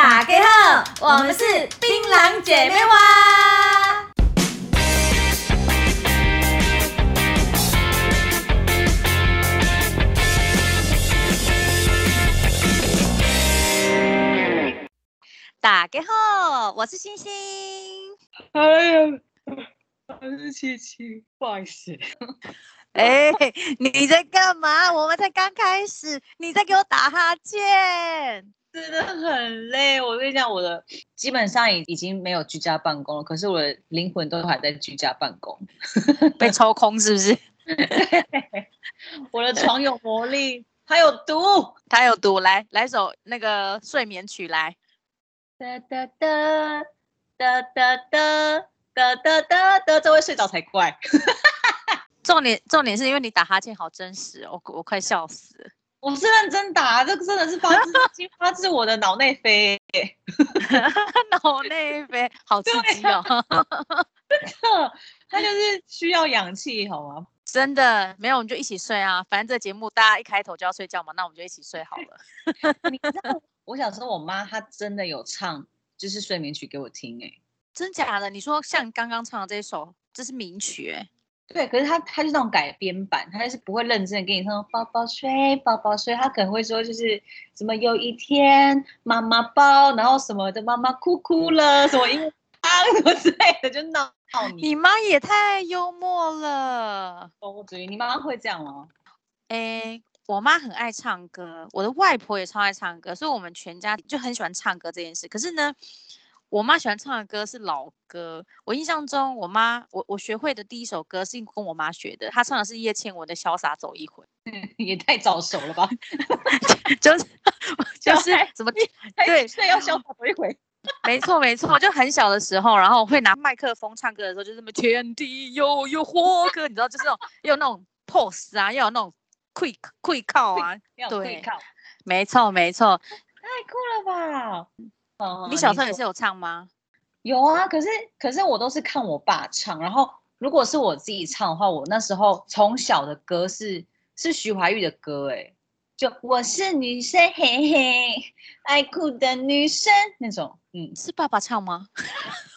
大家好，我們是檳榔姐妹花。大家好，我是星星。哎呀，我是星星，哎、七七不好意思。哎、 欸，你在幹嘛？我們才剛開始，你在給我打哈欠。真的很累，我跟你講，我的基本上已已經沒有居家辦公了，可是我的靈魂都還在居家辦公，被抽空是不是？ 我的床有魔力， 它有毒，它有毒。來，來首那個睡眠曲來。噠噠噠噠噠噠噠噠噠噠，這會睡着才怪。重點重點是因為你打哈欠好真實哦，我我快笑死了。我是認真打、啊，這個真的是發自發自我的腦內啡、欸，腦 內 啡，好刺激哦、喔！ 真的，它就是需要氧氣，好嗎？ 真的沒有，我們就一起睡啊！反正這節目大家一開頭就要睡覺嘛，那我們就一起睡好了。 我小時候我媽她真的有唱就是睡眠曲給我聽、欸，哎，真假的？你說像你剛剛唱的這一首，這是名曲哎、欸。對，可是他，他就那種改編版，他就是不會認真跟你說寶寶睡，寶寶睡，他可能會說，就是什麼有一天媽媽抱，然後什麼的媽媽哭哭了，什麼因為啊什麼之類的，就鬧你。 你媽也太幽默了，我至你媽媽會這樣嗎、哦？哎、欸，我媽很愛唱歌，我的外婆也超愛唱歌，所以我們全家就很喜歡唱歌這件事。可是呢。我媽喜歡唱的歌是老歌。我印象中我媽，我媽我我學會的第一首歌是跟我媽學的。她唱的是葉倩文的《瀟灑走一回》。嗯，也太早熟了吧？ 就是孩就是怎麼地？你還 對，所以對要瀟灑走一回。 沒錯沒錯，就很小的時候，然後會拿麥克風唱歌的時候，就這麼天地悠悠，火哥，你知道，就是那種要有那種 pose 啊，要有那種 quick quick、e、call 啊，u i c k 沒錯沒錯，太酷了吧？Oh，你小時候也是有唱嗎？哦、有啊，可是可是我都是看我爸唱，然後如果是我自己唱的話，我那時候從小的歌是是徐懷鈺的歌。欸，哎，就我是女生，嘿嘿，愛哭的女生那種。嗯，是爸爸唱嗎？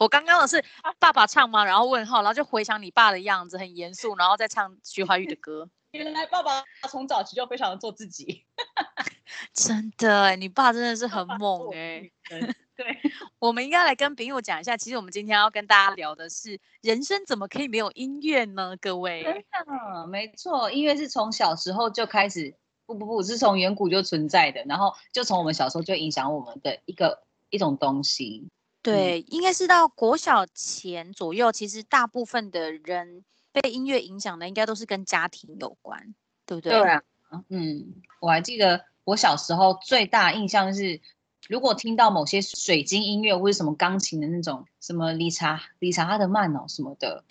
我剛剛的是爸爸唱嗎？然後問號，然後就回想你爸的樣子，很嚴肅，然後再唱徐懷鈺的歌。原來爸爸從早期就非常的做自己。 真的，你爸真的是很猛哎、欸！對， 我們應該來跟朋友講一下，其實我們今天要跟大家聊的是，人生怎麼可以沒有音樂呢？各位，真的、啊、沒錯，音樂是從小時候就開始，不不不，是從遠古就存在的，然後就從我們小時候就影響我們的一個一種東西。對，嗯、應該是到國小前左右，其實大部分的人被音樂影響的，應該都是跟家庭有關，對不對？對啊，嗯，我還記得。我小時候最大印象是，如果聽到某些水晶音樂或者什麼鋼琴的那種，什麼理查理查德曼哦什麼的，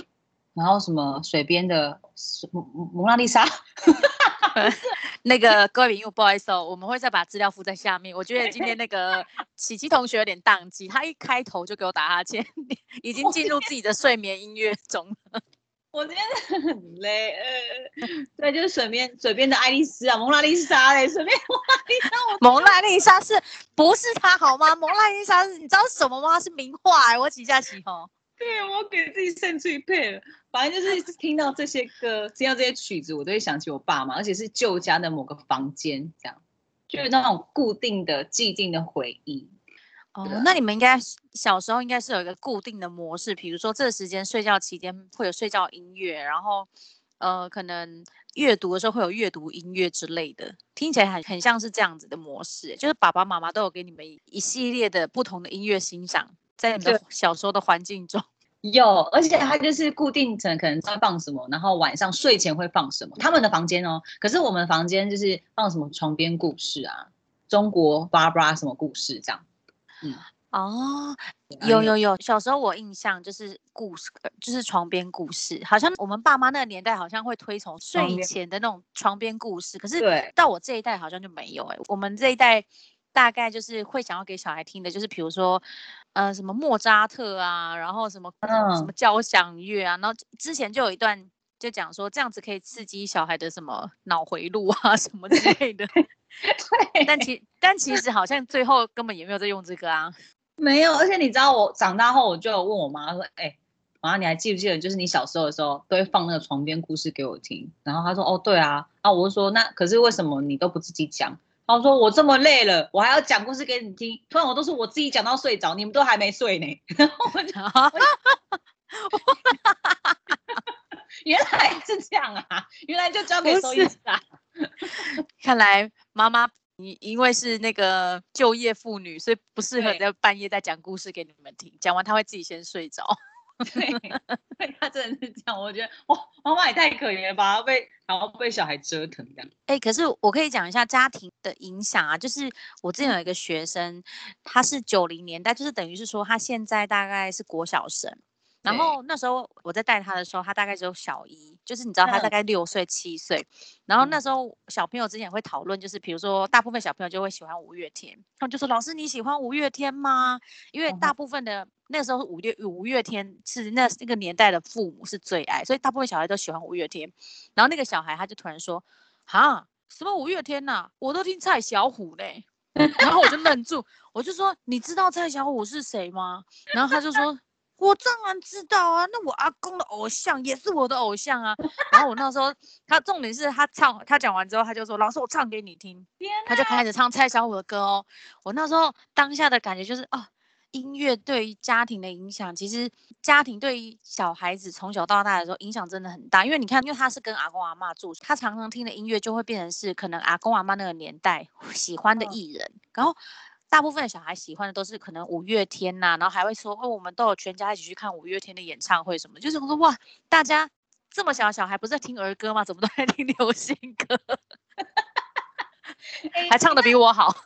然後什麼水邊的《蒙娜麗莎》，那個各位朋友不好意思哦、喔，我們會再把資料附在下面。我覺得今天那個 琪琪同學有點當機，她一開頭就給我打哈欠，已經進入自己的睡眠音樂中 我今天很累，呃、對，就是水邊水邊的愛麗絲啊，蒙娜麗莎嘞，水邊。蒙娜麗莎，我蒙娜麗莎是，不是她好嗎？ 蒙娜麗莎，你知道是什麼嗎？是名畫哎、欸，我幾下起鬨。對，我給自己扇嘴皮兒，反正就是聽到這些歌，聽到這些曲子，我都會想起我爸媽，而且是舊家的某個房間，這樣，就是那種固定的、寂靜的回憶。哦，oh, 啊、那你們應該小時候應該是有一個固定的模式，比如說這時間睡覺期間會有睡覺音樂，然後呃可能閱讀的時候會有閱讀音樂之類的，聽起來很很像是這樣子的模式，就是爸爸媽媽都有給你們一系列的不同的音樂欣賞在你們小時候的環境中。有，而且它就是固定成可能在放什麼，然後晚上睡前會放什麼。他們的房間哦，可是我們房間就是放什麼床邊故事啊，中國巴拉巴拉什麼故事這樣。嗯，哦，有有有，小時候我印象就是故事，就是床邊故事，好像我們爸媽那個年代好像會推崇睡前的那種床邊故事，邊可是到我這一代好像就沒有哎、欸，對我們這一代大概就是會想要給小孩聽的，就是比如說呃什麼莫扎特啊，然後什麼、嗯、什麼交響樂啊，然後之前就有一段。就講說這樣子可以刺激小孩的什麼腦回路啊什麼之類的， 對。但其但其實好像最後根本也沒有在用這個啊， 沒有。而且你知道我長大後我就有問我媽說，哎、欸，媽你還記不記得就是你小時候的時候都會放那個床邊故事給我聽？然後她說，哦對啊。然、啊、我就說，那可是為什麼你都不自己講？她說我這麼累了，我還要講故事給你聽。突然我都是我自己講到睡着，你們都還沒睡呢。然 後我就我就……哈哈。原來是這樣啊，原來就交給收銀師啦。啊、看來媽媽，你因為是那個就業婦女，所以不適合在半夜在講故事給你們聽。對講完她會自己先睡着。對，她 真的是這樣。我覺得哇，媽媽也太可憐了吧，然被然後被小孩折騰這樣。哎、欸，可是我可以講一下家庭的影響啊，就是我之前有一個學生，他是九零年代，就是等於是說他現在大概是國小生。然後那時候我在帶他的時候，他大概只有小一，就是你知道他大概六歲七歲。然後那時候小朋友之前也會討論，就是比如說大部分小朋友就會喜歡五月天，他們就說：“老師你喜歡五月天嗎？”因為大部分的那個時候五月五月天是那那個年代的父母是最愛，所以大部分小孩都喜歡五月天。然後那個小孩他就突然說：“哈，什麼五月天吶、啊？我都聽蔡小虎嘞。”然後我就愣住，我就說：“你知道蔡小虎是誰嗎？”然後他就說。我當然知道啊，那我阿公的偶像也是我的偶像啊。 然後我那時候，他重點是他唱，他講完之後他就說：“老師，我唱給你聽。天哪”他就開始唱蔡小虎的歌哦。我那時候當下的感覺就是，哦，音樂對於家庭的影響，其實家庭對於小孩子從小到大的時候影響真的很大。因為你看，因為他是跟阿公阿媽住，他常常聽的音樂就會變成是可能阿公阿媽那個年代喜歡的藝人，哦、然後。大部分的小孩喜歡的都是可能五月天吶、啊，然後還會說，哦，我們都有全家一起去看五月天的演唱會什麼，就是我說，哇，大家這麼小的小孩不是在聽兒歌嗎？怎麼都在聽流行歌，欸、還唱得比我好、欸，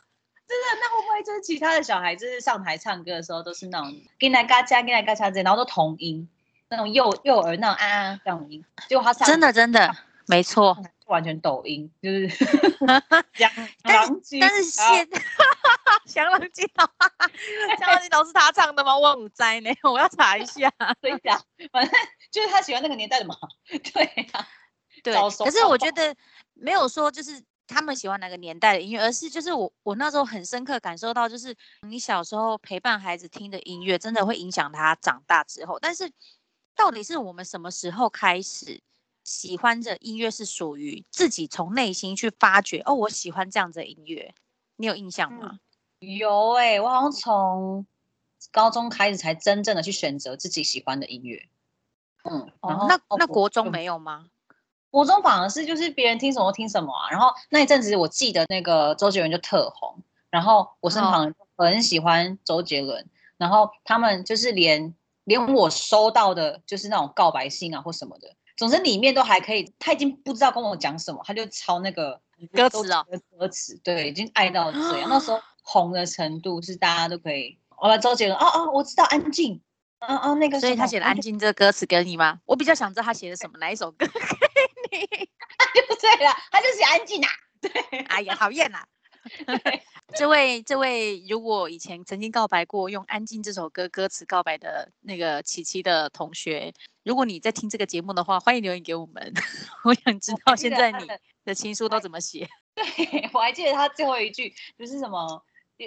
真的？那會不會就是其他的小孩就是上台唱歌的時候都是那種跟來嘎嗆，跟來嘎嗆然後都童音，那種幼幼兒那種啊啊那種音，就他真的真的台沒錯，完全抖音就是， 樣但是後但是現。 祥龍 記，祥龍記都是他唱的嗎？萬五哉呢？我要查一下。所、啊、反正就是他喜歡那個年代的嘛。對啊，對。可是我覺得沒有說就是他們喜歡哪個年代的音樂，而是就是我我那時候很深刻感受到，就是你小時候陪伴孩子聽的音樂，真的會影響他長大之後。但是到底是我們什麼時候開始喜歡的音樂是屬於自己從內心去發覺？哦，我喜歡這樣子的音樂，你有印象嗎？嗯有哎、欸，我好像從高中開始才真正的去選擇自己喜歡的音樂，嗯，然後、哦、那就那國中沒有嗎？國中反而是就是別人聽什麼聽什麼啊。然後那一陣子我記得那個周杰倫就特紅，然後我身旁很喜歡周杰倫，哦、然後他們就是連連我收到的就是那種告白信啊或什麼的，總之裡面都還可以。他已經不知道跟我講什麼，他就抄那個歌詞啊，歌詞、哦、對，已經愛到這樣、啊、那時候。紅的程度是大家都可以。我把周杰倫哦哦，我知道安靜。嗯、哦、嗯、哦，那個所以他寫的安靜這個歌詞給你嗎？我比較想知道他寫的什麼對哪一首歌給你， 對了，他就寫安靜啊。對，哎呀、啊，討厭啦。對 這位這位，如果以前曾經告白過用安靜這首歌歌詞告白的那個琪琪的同學，如果你在聽這個節目的話，歡迎留言給我們。 我想知道現在你的情書都怎麼寫、啊？對，我還記得他最後一句就是什麼。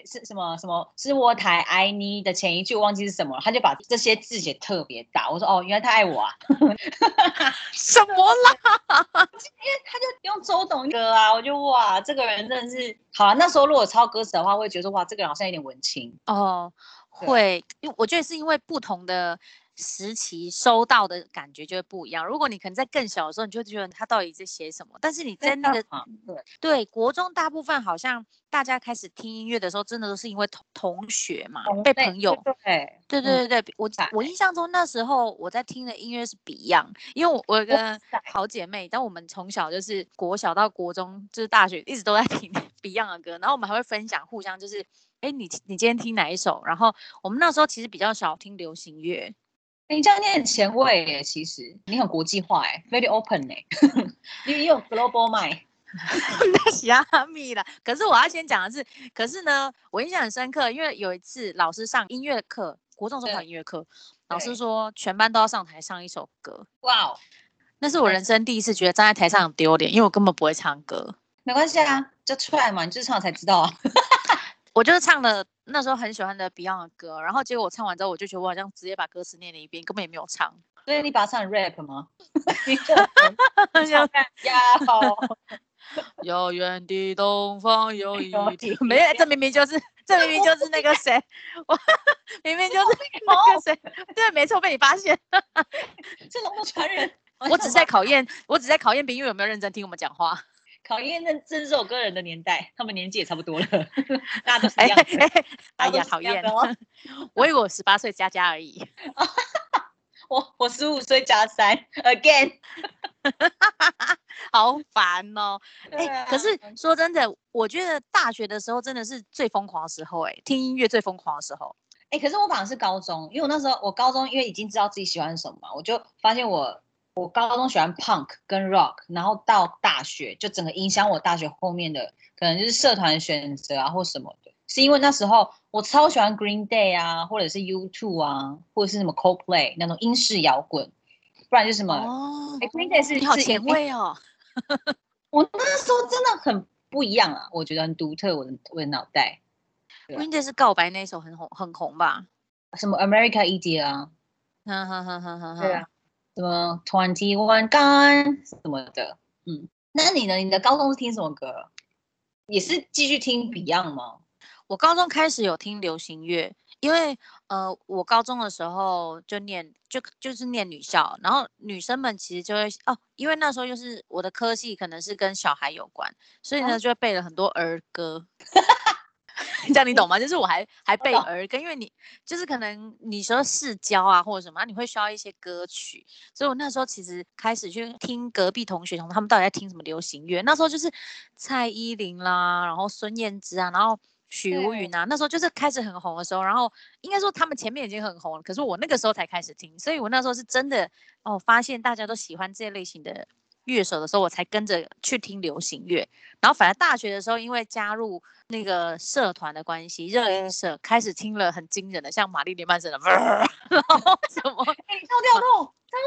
是什麼什麼是我台愛你的前一句，我忘記是什麼了，他就把這些字寫特別大，我說哦，原來他愛我啊！呵呵什麼啦？因為他就用周董歌啊，我就哇，這個人真的是好啊。那時候如果抄歌詞的話，我會覺得說哇，這個人好像有點文青哦。Oh, 對會，因我覺得是因為不同的。時期收到的感覺就會不一樣。如果你可能在更小的時候，你就覺得他到底在寫什麼？但是你在那個對國中，大部分好像大家開始聽音樂的時候，真的都是因為同同學嘛，被朋友對對對對。我我印象中那時候我在聽的音樂是 Beyond，因為我，我跟好姐妹，但我們從小就是國小到國中就是大學一直都在聽 Beyond 的歌，然後我們還會分享互相就是哎、欸、你你今天聽哪一首？然後我們那時候其實比較少聽流行樂。你這樣你很前衛誒，其實你很國際化誒，very open 哎，你 有 global mind。 那是阿米啦。可是我要先講的是，可是呢，我印象很深刻，因為有一次老師上音樂課，國中中考音樂課，對老師說全班都要上台唱一首歌。哇 Wow，那是我人生第一次覺得站在台上很丟臉，因為我根本不會唱歌。沒關係啊，就出來嘛，你就唱才知道啊。 我就是唱的那時候很喜歡的 Beyond 的歌，然後結果我唱完之後，我就覺得我好像直接把歌詞念了一遍，根本也沒有唱。對，你把它唱 rap 嗎？你好，遙遠的東方有一，沒有，這明明就是，這明明就是那個誰，我明明就是那個誰，對，沒錯，被你發現，是龍的傳人。我只在考驗，我只在考驗 Beyond 有沒有認真聽我們講話。討厭，那真是我個人的年代。他們年紀也差不多了，呵呵，大家都是這樣子，哎、呀大家都討厭、哎。我以為我十八歲加加而已， 我我十五歲加三，again， 好煩哦。哎、欸，啊、可是說真的，我覺得大學的時候真的是最瘋狂，欸、狂的時候，哎，聽音樂最瘋狂的時候。哎，可是我反而是高中，因為我那時候我高中因為已經知道自己喜歡什麼，我就發現我。我高中喜歡 punk 跟 rock，然後到大學就整個影響我大學後面的可能就是社團選擇啊或什麼的，是因為那時候我超喜歡 Green Day 啊，或者是 U2 啊，或者是什麼 Coldplay 那種英式搖滾，不然就是什麼。哦、欸。Green Day 是你好前衛哦。 我那時候真的很不一樣啊，我覺得很獨特，我的我的腦袋。Green Day 是告白那一首很紅很紅吧？什麼 America Idea 啊？哈哈哈哈哈，嗯。對啊。什麼 Twenty One Gun 什麼的，嗯，那你呢？你的高中是聽什麼歌？也是繼續聽 Beyond 嗎？我高中開始有聽流行樂，因為呃，我高中的時候就念就就是念女校，然後女生們其實就會哦，因為那時候就是我的科系可能是跟小孩有關，所以呢、啊、就會背了很多兒歌。 這樣你懂嗎？就是我還還背兒歌，因為你就是可能你說世交啊或者什麼，啊、你會需要一些歌曲，所以我那時候其實開始去聽隔壁同學同他們到底在聽什麼流行樂。那時候就是蔡依林啦，然後孫燕姿啊，然後許茹芸啊，對那時候就是開始很紅的時候，然後應該說他們前面已經很紅了，可是我那個時候才開始聽，所以我那時候是真的哦，發現大家都喜歡這些類型的。樂手的時候，我才跟着去聽流行樂。然後反而大學的時候，因為加入那個社團的關係，熱音社開始聽了很驚人的，像瑪麗蓮曼森的，呃、然後什麼超、 欸、跳痛，超、啊、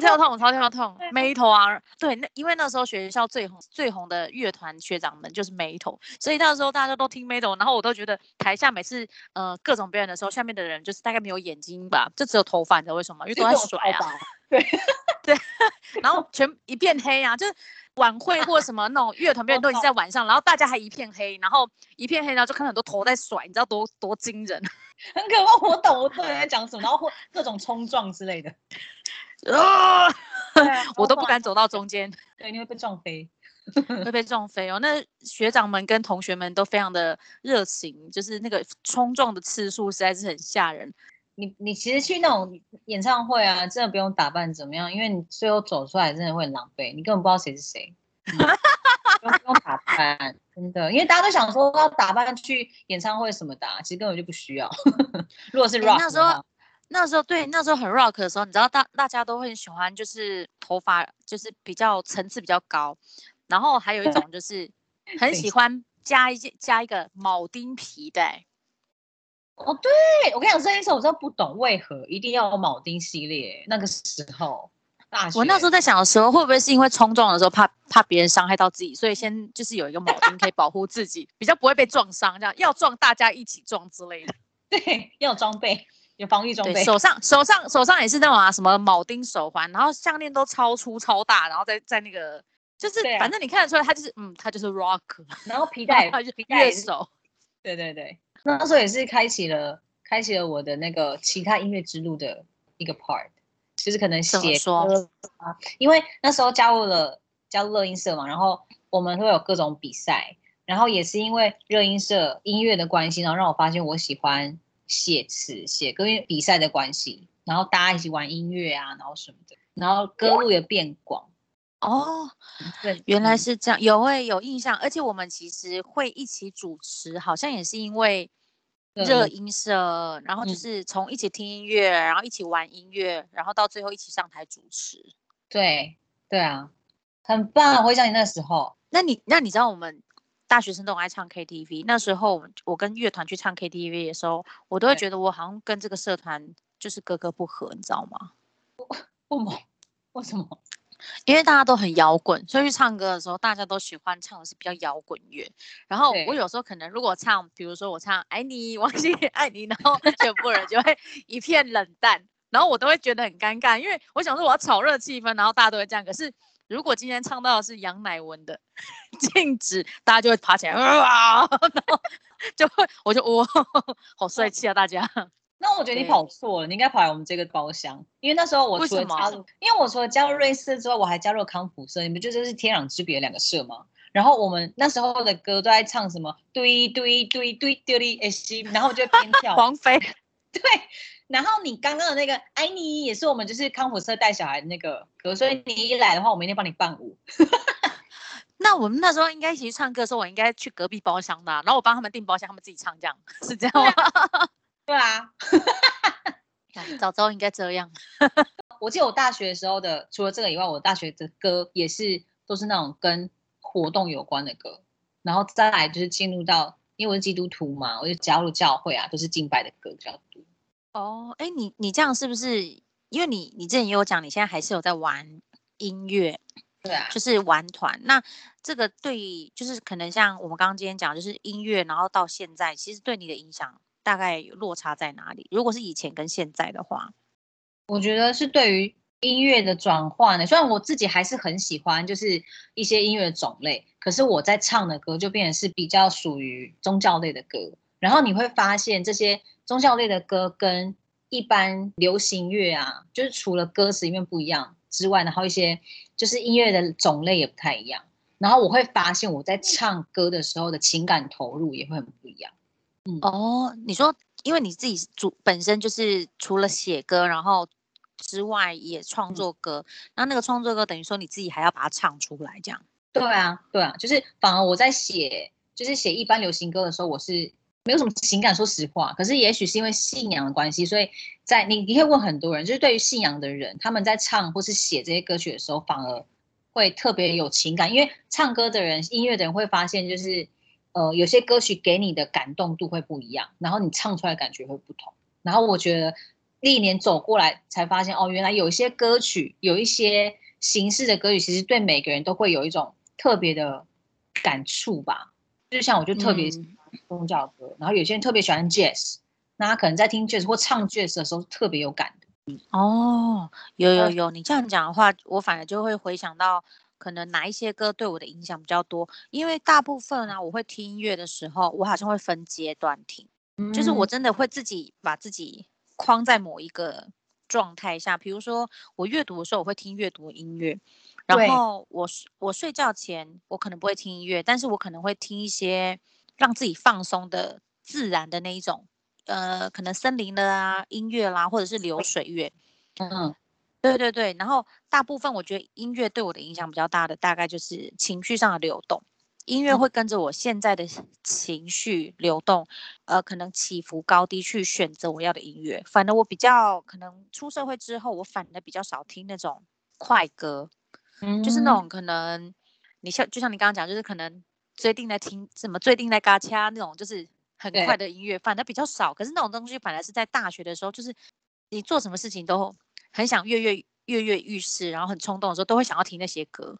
跳痛超跳痛對，超跳痛，眉對頭啊，對，那因為那時候學校最紅最紅的樂團學長們就是眉頭，所以那時候大家都聽眉頭。然後我都覺得台下每次呃各種表演的時候，下面的人就是大概沒有眼睛吧，就只有頭髮，你知道為什麼嗎？因為都在甩啊，對。對 然後全一片黑啊，就是晚會或什麼那種樂團表演都已經在晚上，然後大家還一片黑，然後一片黑，然後就看很多頭在甩，你知道多多驚人， 很可怕。我懂，我懂你在講什麼，然後或各、各種衝撞之類的。啊， 我都不敢走到中間，對，你會被撞飛， 會被撞飛哦。那學長們跟同學們都非常的熱情，就是那個衝撞的次數實在是很嚇人。你你其實去那種演唱會啊，真的不用打扮怎麼樣，因為你最後走出來真的會很狼狽，你根本不知道誰是誰，嗯、 不用打扮，真的，因為大家都想說要打扮去演唱會什麼的、啊，其實根本就不需要。呵呵如果是 rock，、欸、那時候那時候對那時候很 rock 的時候，你知道大大家都很喜歡，就是頭髮就是比較層次比較高，然後還有一種就是很喜歡加一對加一個鉚釘皮帶、欸。哦，oh, 對，我跟你講，這一次我真的不懂，為何一定要有鉚釘系列？那個時候，我那時候在想的時候，會不會是因為衝撞的時候怕怕別人傷害到自己，所以先就是有一個鉚釘可以保護自己， 比較不會被撞傷，這樣要撞大家一起撞之類的。對，要有裝備，有防禦裝備，手上手上手上也是那種啊什麼鉚釘手環，然後項鏈都超粗超大，然後在在那個就是、啊、反正你看得出來，他就是嗯，他就是 rock，然後皮帶然後就是皮帶手，對對對。那時候也是開啟了開啟了我的那個其他音樂之路的一個 part，就是可能寫歌啊，說因為那時候加入了加入熱音社嘛，然後我們會有各種比賽，然後也是因為熱音社音樂的關係，然後讓我發現我喜歡寫詞寫歌，因為比賽的關係，然後大家一起玩音樂啊，然後什麼的，然後歌路也變廣。哦、oh，對，原來是這樣，有會、欸、有印象，而且我們其實會一起主持，好像也是因為熱音社，對然後就是從一起聽音樂，嗯、然後一起玩音樂，然後到最後一起上台主持。對，對啊，很棒！對我會想起那時候，那你那你知道我們大學生都愛唱 KTV，那時候我跟樂團去唱 KTV 的時候，我都會覺得我好像跟這個社團就是格格不合，你知道嗎？不不嗎？為什麼？因為大家都很搖滾，所以去唱歌的時候，大家都喜歡唱的是比較搖滾樂。然後我有時候可能如果唱，比如說我唱“愛你王心凌愛你”，然後全部人就會一片冷淡，然後我都會覺得很尷尬，因為我想說我要炒熱氣氛，然後大家都會這樣。可是如果今天唱到的是楊乃文的《靜止》，大家就會爬起來，哇然後就會我就哇，好帥氣啊，大家。那我覺得你跑錯了，對你應該跑來我們這個包廂，因為那時候我說嘛，因為我說加入瑞士之後，我還加入了康普社，你不覺得是天壤之別的兩個社嗎？然後我們那時候的歌都在唱什麼，堆堆堆堆堆哎西，然後我就編跳。黃飛。對，然後你剛剛的那個安妮也是我們就是康普社帶小孩的那個，所以你一來的話，我明天幫你伴舞。 那我們那時候應該一起唱歌的時候，我應該去隔壁包廂的，啊，然後我幫他們訂包廂，他們自己唱，這樣是這樣嗎？ 對啊， 早知道應該這樣。 我記得我大學的時候的，除了這個以外，我大學的歌也是都是那種跟活動有關的歌，然後再來就是進入到，因為我是基督徒嘛，我就加入教會啊，都、就是敬拜的歌比較多。哦，哎、欸，你你這樣是不是？因為你你之前也有講，你現在還是有在玩音樂，對啊，就是玩團。那這個對，就是可能像我們剛剛今天講，就是音樂，然後到現在其實對你的影響。大概有落差在哪裡？如果是以前跟現在的話，我覺得是對於音樂的轉換呢。雖然我自己還是很喜歡，就是一些音樂的種類，可是我在唱的歌就變成是比較屬於宗教類的歌。然後你會發現，這些宗教類的歌跟一般流行樂啊，就是除了歌詞裡面不一樣之外，然後一些就是音樂的種類也不太一樣。然後我會發現，我在唱歌的時候的情感投入也會很不一樣。哦，你說，因為你自己主本身就是除了寫歌，然後之外也創作歌，那、嗯、那個創作歌等於說你自己還要把它唱出來，這樣？對啊，對啊，就是反而我在寫，就是寫一般流行歌的時候，我是沒有什麼情感，說實話。可是也許是因為信仰的關係，所以在你你會問很多人，就是對於信仰的人，他們在唱或是寫這些歌曲的時候，反而會特別有情感，因為唱歌的人、音樂的人會發現就是。呃，有些歌曲給你的感動度會不一樣，然後你唱出來的感覺會不同。然後我覺得，歷年走過來才發現，哦，原來有一些歌曲，有一些形式的歌曲，其實對每個人都會有一種特別的感觸吧。就像我就特別喜歡宗教歌，嗯、然後有些人特別喜歡 jazz，那他可能在聽 jazz 或唱 jazz 的時候特別有感、嗯、哦，嗯、有有有，你這樣講的話，我反而就會回想到。可能哪一些歌對我的影響比較多？因為大部分啊，我會聽音樂的時候，我好像會分階段聽，嗯，就是我真的會自己把自己框在某一個狀態下。比如說我閱讀的時候，我會聽閱讀音樂，對然後我我睡覺前我可能不會聽音樂，但是我可能會聽一些讓自己放鬆的、自然的那一種，呃，可能森林的啊音樂啦，啊，或者是流水樂，嗯。嗯對對對，然後大部分我覺得音樂對我的影響比較大的，大概就是情緒上的流動，音樂會跟着我現在的情緒流動，嗯、呃，可能起伏高低去選擇我要的音樂。反而我比較可能出社會之後，我反而比較少聽那種快歌，嗯，就是那種可能你像就像你剛剛講，就是可能最近在聽什麼最定，最近在嘎掐那種，就是很快的音樂，對反而比較少。可是那種東西反而是在大學的時候，就是你做什麼事情都。很想躍躍躍躍欲試，然後很衝動的時候，都會想要聽那些歌。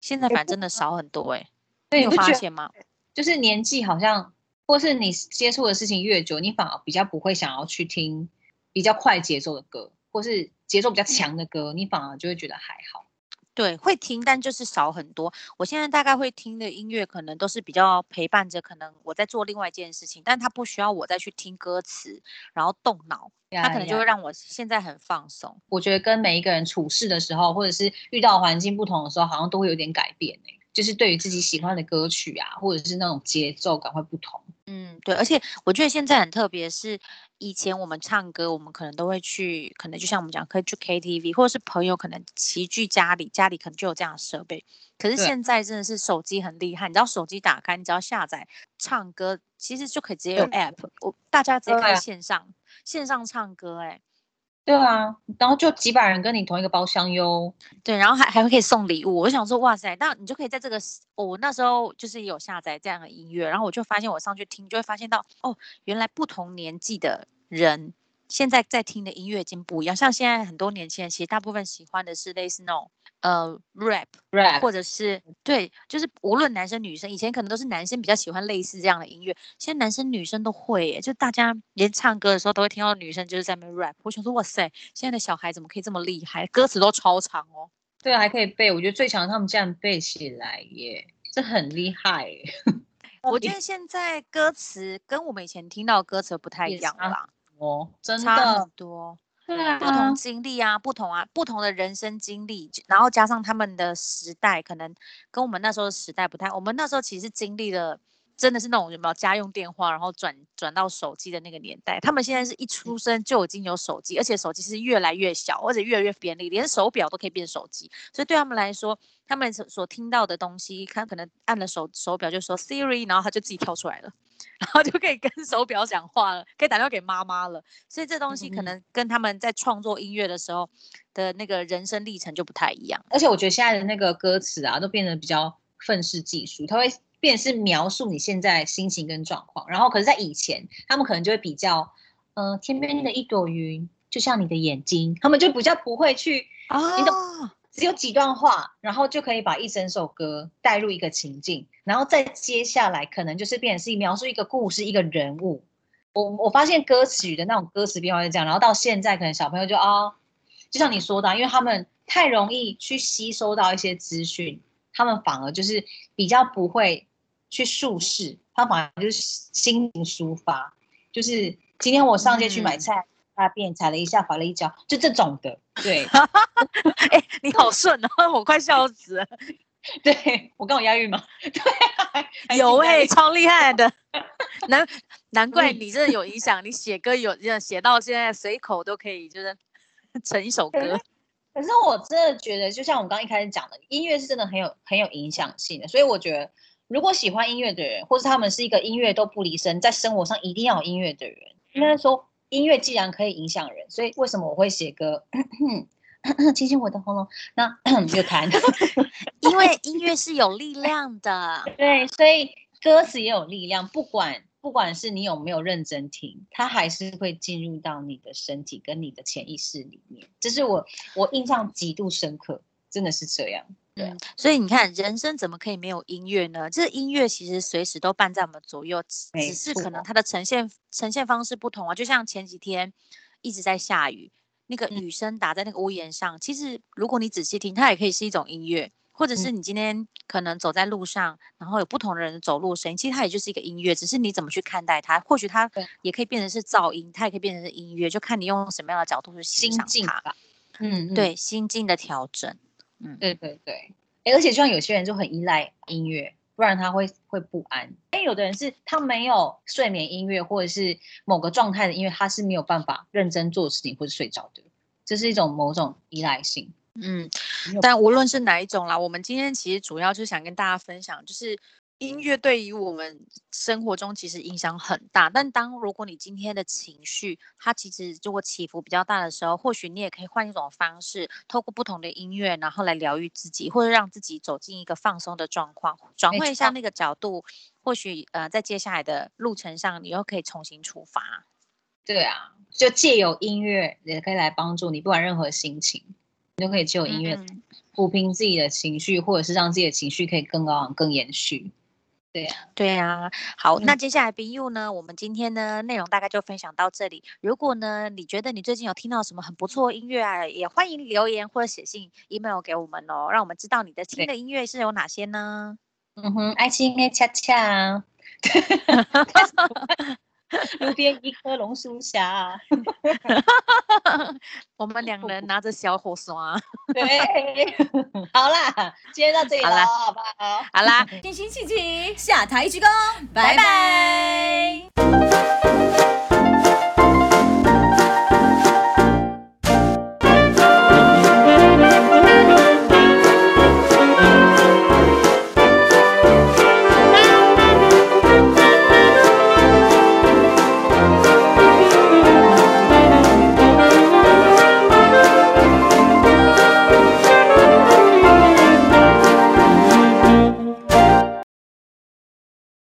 現在反正真的少很多哎、欸，那以、欸、你有發現嗎？就是年紀好像，或是你接觸的事情越久，你反而比較不會想要去聽比較快節奏的歌，或是節奏比較強的歌，你反而就會覺得還好。對，會聽，但就是少很多。我現在大概會聽的音樂，可能都是比較陪伴着，可能我在做另外一件事情，但它不需要我再去聽歌詞，然後動腦，它呀可能就會讓我現在很放鬆。我覺得跟每一個人處事的時候，或者是遇到環境不同的時候，好像都會有點改變誒、欸。就是對於自己喜歡的歌曲啊，或者是那種節奏感會不同。嗯，對，而且我覺得現在很特別，是以前我們唱歌，我們可能都會去，可能就像我們講可以去 KTV，或者是朋友可能齊聚家裡，家裡可能就有這樣的設備。可是現在真的是手機很厲害，對你知道手機打開，你只要下載唱歌，其實就可以直接用 app，對我大家直接看線上、啊、線上唱歌、欸，哎。對啊，然後就幾百人跟你同一個包廂喲。對，然後還還會可以送禮物。我想說，哇塞，那你就可以在這個我、哦、那時候就是有下載這樣的音樂，然後我就發現我上去聽，就會發現到哦，原來不同年紀的人現在在聽的音樂已經不一樣。像現在很多年輕人，其實大部分喜歡的是類似那種。呃，rap rap，或者是對，就是無論男生女生，以前可能都是男生比較喜歡類似這樣的音樂，現在男生女生都會耶，就大家連唱歌的時候都會聽到女生就是在那 rap。我想說，哇塞，現在的小孩怎麼可以這麼厲害？歌詞都超長哦。對啊，還可以背，我覺得最強的他們這樣背起來耶，這很厲害。耶。Okay. 我覺得現在歌詞跟我們以前聽到的歌詞不太一樣啦。哦，真的？差很多。對啊，Yeah. 不同經歷啊，不同啊，不同的人生經歷，然後加上他們的時代，可能跟我們那時候的時代不太。我們那時候其實經歷了，真的是那種有沒有家用電話，然後轉轉到手機的那個年代。他們現在是一出生就已經有手機，嗯，而且手機是越來越小，而且越來越便利，連手錶都可以變手機。所以對他們來說，他們所，所聽到的東西，他可能按了手手錶就說 Siri，然後他就自己跳出來了。然後就可以跟手錶講話了，可以打電話給媽媽了。所以這東西可能跟他們在創作音樂的時候的那個人生歷程就不太一樣。而且我覺得現在的那個歌詞啊，都變得比較憤世嫉俗，它會變得是描述你現在心情跟狀況。然後可是，在以前他們可能就會比較，嗯、呃，天邊的一朵雲、嗯、就像你的眼睛，他們就比較不會去啊。哦，你懂只有幾段話，然後就可以把一整首歌帶入一個情境，然後再接下來可能就是變成是描述一個故事，一個人物。我我發現歌曲的那種歌詞變化是這樣，然後到現在可能小朋友就啊、哦，就像你說的，因為他們太容易去吸收到一些資訊，他們反而就是比較不會去敘事，他反而就是心情抒發，就是今天我上街去買菜。嗯大便踩了一下，滑了一跤，就這種的。對， 欸、你好順啊、喔，我快笑死了。 對，我剛有押韻嗎？對，有哎、欸，超厲害的。 難難怪你真的有影響，你寫歌有，寫到現在隨口都可以，就是成一首歌，欸。可是我真的覺得，就像我們剛剛一開始講的，音樂是真的很有很有影響性的。所以我覺得，如果喜歡音樂的人，或是他們是一個音樂都不離身，在生活上一定要有音樂的人，應該、嗯、說。音樂既然可以影響人，所以為什麼我會寫歌？咳咳咳咳清清我的喉嚨，那就彈。 因為音樂是有力量的，對，所以歌詞也有力量。不管不管，是你有沒有認真聽，它還是會進入到你的身體跟你的潛意識裡面。這、就是我我印象極度深刻，真的是這樣。對、嗯，所以你看，人生怎麼可以沒有音樂呢？這音樂其實隨時都伴在我們左右，沒錯，只是可能它的呈現呈現方式不同啊。就像前幾天一直在下雨，那個雨聲打在那個屋檐上，嗯、其實如果你仔細聽，它也可以是一種音樂。或者是你今天可能走在路上，嗯、然後有不同的人走路聲音，其實它也就是一個音樂，只是你怎麼去看待它，或許它也可以變成是噪音，嗯、它也可以變成是音樂，就看你用什麼樣的角度去欣賞它。嗯，對，心境的調整。對對對，而且就像有些人就很依賴音樂，不然他會會不安。哎，有的人是他沒有睡眠音樂，或者是某個狀態的音樂，他是沒有辦法認真做事情或者睡着的。這是一種某種依賴性。嗯，但無論是哪一種啦，我們今天其實主要就是想跟大家分享，就是。音樂對於我們生活中其實影響很大，但當如果你今天的情緒它其實如果起伏比較大的時候，或許你也可以換一種方式，透過不同的音樂，然後來療癒自己，或者讓自己走進一個放鬆的狀況，轉換一下那個角度，沒錯。或許呃在接下來的路程上，你又可以重新出發。對啊，就借由音樂也可以來幫助你，不管任何心情，你都可以借由音樂撫平、嗯嗯、自己的情緒，或者是讓自己的情緒可以更高昂、更延續。對呀、啊，對呀、啊，好，嗯、那接下來檳友呢？我們今天呢內容大概就分享到這裡。如果呢，你覺得你最近有聽到什麼很不錯的音樂啊，也歡迎留言或者寫信 email 給我們哦，讓我們知道你的聽的音樂是有哪些呢？嗯哼，愛心恰恰。 路邊 一棵龍樹下，我們兩個人拿着小火刷， 對，好啦，今天到這裡好啦好，好啦，好好啦，心心心心，下台鞠躬，拜拜。